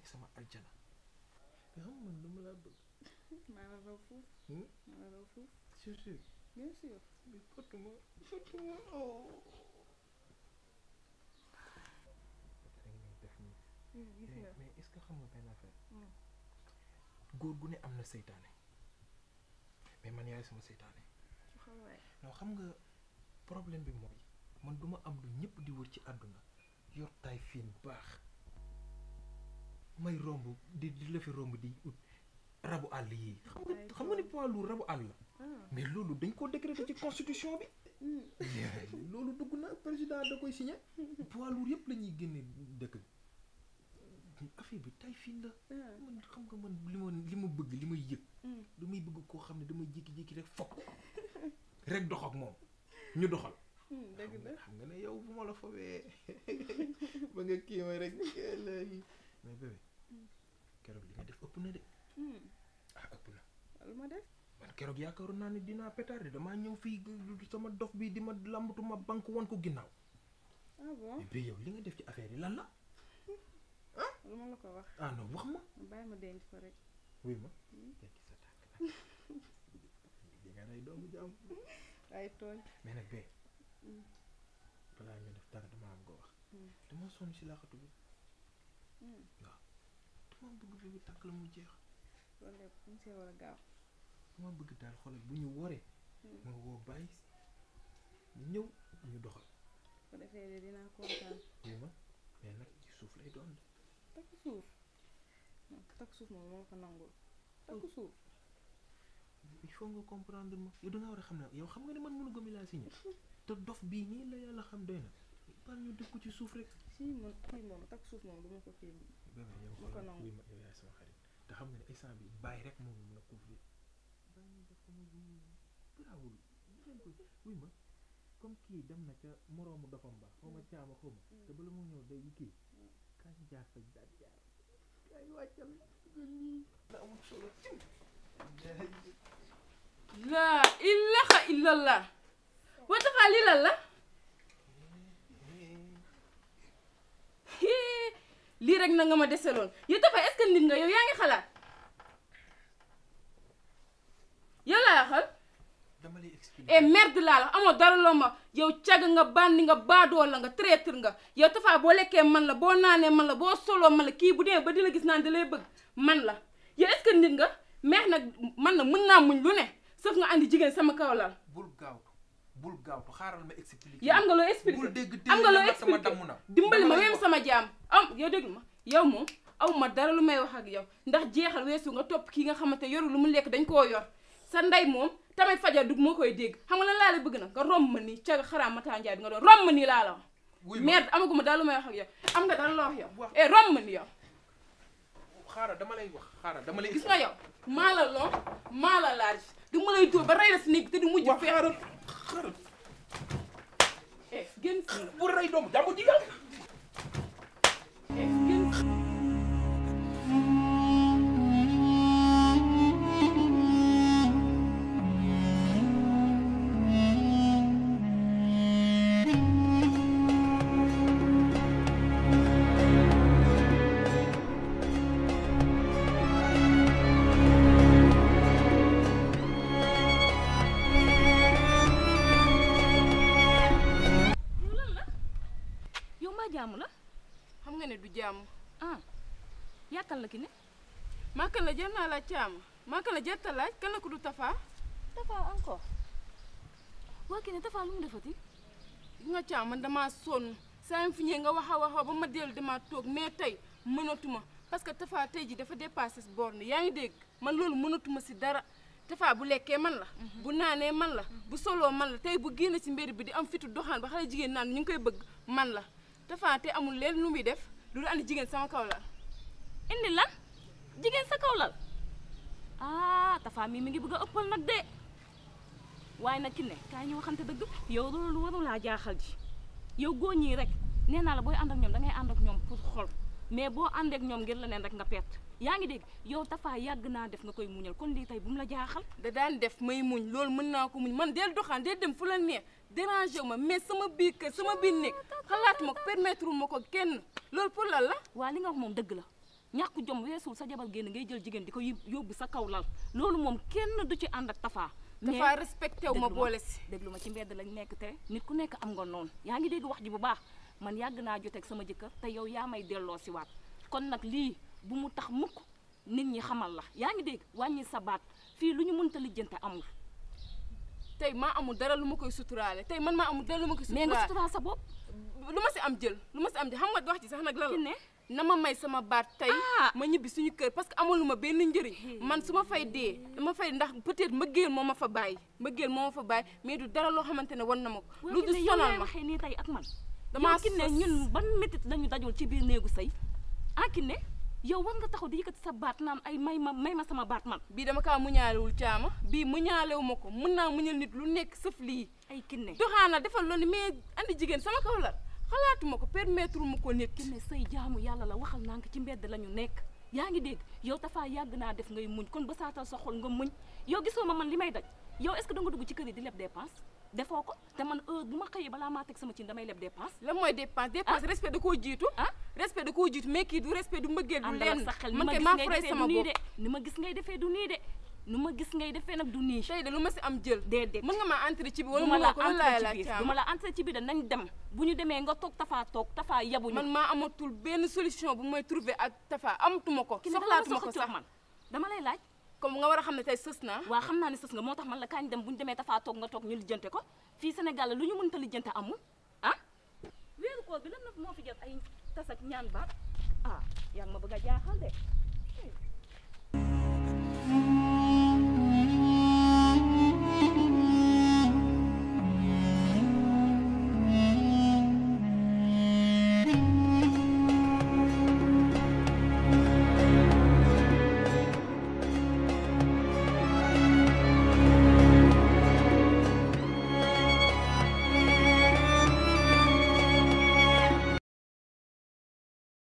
baik sama Arjana. Beğenmedin mi bu? Maravofu. Hı? Maravofu. Çocuk. Bien sûr. Bir fotoğrafı. Fotoğrafı. Oh. Iya, iya mais mais est ce que xam nga benn affaire. góor hmm. gu ne am na seytaane mais man yaay sama seytaane. non bi mooy man duma am lu di wër ci àdduna yor taay may romb di di la fi romb di ut rabu àll yi xam nga xam nga ni poids lourd rabu àll la ah. mais loolu dañ ko décréter ci constitution bi hmm. loolu dugg na président da koy signé poids lourd yëpp la ñuy génne dëkk bi affaire bi tay fii la ah. man xam nga man li ma li ma bëgg li may yëg hmm. damay bëgg koo xam ne damay jékki-jékki rek fokk rek dox ak moom ñu doxal hmm, dëgg la xam nga ne yow bu ma la fobee ba nga kii ma rek mais bébé keroog li nga def ëpp na de. Hmm. ah ëpp na. wala ma def. man keroog yaakaaroon naa ni dinaa pétard damaa ñëw fii sama dof bi di ma lambatu ma banque woon ko ginnaaw. ah bon eh yow li nga def ci affaire yi lan la. ah lu ma la ko wax. ah non wax ma. bàyyi hmm. bee. Hmm. balaa ñu def dara damaa am ko wax. dama sonn si bi. dama bëgg bi bi tàkk la mu jeex. loolu de bu ñu see war a gaaw. dama bëgg daal xoolal bu ñu wooree. ma hmm. woo bàyyi ñëw ñu doxal. bu defee de dinaa kontaan. dégg ma mais ci suuf lay doon. takk moo ko nangul. takk oh. suuf. il faut nga comprendre ma yow da nga war a xam ne yow xam nga ne man mënu gëm laa signé te dof bii nii la yàlla xam doy na. par ñu ci suuf rek. si man kii moom ne instant bi bàyyi rek moom mun a couvrir. bàyyi kii dem na ca moroomu mm. te bala mu ñëw day kii mm. kañ jaar fa jaar jaar kañ wàccal nga nii da amul solo ci laa ilaha wa tafa la lii rek na nga ma déssalon yow tafa est-ce nit nga yow yaangi xalat yow la xal dama lay expliquer et eh, merde la la amo dara loo ma yow cag nga bandi nga bado la nga traître nga yow tafa bo lekke man la bo nané man la bo solo man la ki bu dé ba dina gis nan dalay bëgg man la yow est-ce nit nga mex nak man na mën na muñ lu né sauf nga andi jigen sama kaw lal bul gaaw bul gaaw xaaral ma expliquer. ya am nga lo expliquer am nga lo expliquer dimbali ma wéem sama jam am yow déglu ma yow moom aw ma dara lu may wax ak yow ndax jeexal weesu nga topp kii nga xamante yorul lu mu lekk dañ koo yor sa ndey moom tamit fajar dug moo koy dégg xam nga lan la bëgg na nga romb ma nii caga xaraam ma tànjaay bi nii laa la wax merde amaguma dara lu may wax ak yow am nga dara loo eh, romb ma nii xaaral dama lay wax xaaral dama lay gis nga yow maa la long maa la large du ma lay dóor ba rey la si néeg te du mujj fee xaaral xaaral eh bu rey doomu jàmm jigéen jamu la xam nga ne du jamu ah yakal la ki ne maa kan la jar la laaj caam kan la jarta laaj kan la ko du tafa tafa encore waa ki ne tafa lu mu defati nga caam man dama son sam yu fi ñëwee nga waxa waxo ba ma del dama tok mais tay mënatuma parce que tafa tay ji dafa ce borne ya ngi deg man loolu mënatuma si dara tafa bu lekke man la mhm. bu nané man la mhm. bu solo man la tay bu ci mbir bi di am fitu ba xala jigen nan ñu koy bëgg man la Tapha te amul leen lu muy def lu andi jigéen sama kaw lal indi lan jigéen sa kaw lal ah Tapha mii mi ngi bëgg a ëppal nag de waaye nag ki ne kaay ñu waxante dëgg yow loolu warulaa jaaxal ji yow góor ñii rek nee naa la booy àndak ak ñoom dangay ànd ak ñoom pour xol. mais boo ànd ak ñoom ngir leneen rek nga perte yaa ngi dégg yow Tafa yàgg naa def nga koy muñal kon lii tey bu mu la jaaxal. da daan def may muñ loolu mën naa ko muñ man del doxaan del dem fu la neex déranger ma mais sama biir kër sama biir nekk xalaat permettre ma ko kenn loolu pour lan la. waa li nga wax moom dëgg la ñàkk jom weesul sa jabar génn ngay jël jigéen di ko yóbbu sa kaw lal loolu moom kenn du ci ànd ak Tafa. Tafa respecté wu ma boole si déglu ma ci mbedd lañ nekk te nit ku nekk am nga noonu yaa ngi dégg wax ji bu baax man yàgg naa joteeg sama jëkkër te yow yaa may delloo si waat kon nag lii bu mu tax mukk nit ñi xamal la yaa ngi dégg wàññi sa baat fii lu ñu mënta lijjante amul. tey maa amul dara lu ma koy suturaale tey man maa amul dara lu ma koy suturaale mais nga suturaal sa bopp. lu si am jël lu ma si am jël xam nga wax ci sax nag lan la na ma may sama baat tey ah! ma ñibbi suñu kër parce que amalu ma benn njëriñ man su ma fay dee dama fay ndax peut-être mbëggeel moo ma fa bàyyi mbëggeel moo ma fa bàyyi mais du dara loo xamante ne war na ma ko lu du sonal ma nii tey ak ma damaa Kiné ñun ban métit lañu dajul ci biir néegu sëy ah Kiné yow war nga taxaw di yëkkati sa baat naan ay may ma may ma sama baat man bii dama kaa muñaalewul caama bii muñaalewu ma ko mën naa muñal nit lu nekk sëf lii ay Kiné doxaana defal loolu mais andi jigéen sama kaw la xalaatuma ko permettre ma ko nit Kiné sëy jaamu yàlla la waxal naa ci mbedd la ñu nekk yaa ngi dégg yow dafaa yàgg naa def ngay muñ kon ba saatal sa xol nga muñ yow gisoo ma man li may daj yow est-ce que da dugg ci kër yi di defoo ko te man heure bu ma xëyee balaa maa teg sama cin damay leb dépense. lan mooy dépense dépense ah. respect da koo jiitu. ah respect da koo jiitu mais kii du respect du mbëggeel. du leen man kay maa fure sama bopp ni ma gis ngay defee du nii de. nu ma gis ngay defee nag du nii. tey de lu ma si am jël. de mën nga maa entrer ci biir wala mu la ko la ci biir du ma la nañ dem. bu ñu demee nga toog Tafa toog Tafa yabuñu. man maa amatul benn solution bu mooy trouver ak Tafa amatuma ko. soxlaatuma ko sax man dama lay laaj comme nga war a xam ne tey sës naa waaw xam naa ne sës nga moo tax man la kañ dem bu ñu demee dafaa toog nga toog ñu lijjante ko fii Sénégal lu ñu mënta lijjante amul ah weeru koor bi na la moo fi jot ay tas ak ñaan baat ah yaa ngi ma bëgg a jaaxal de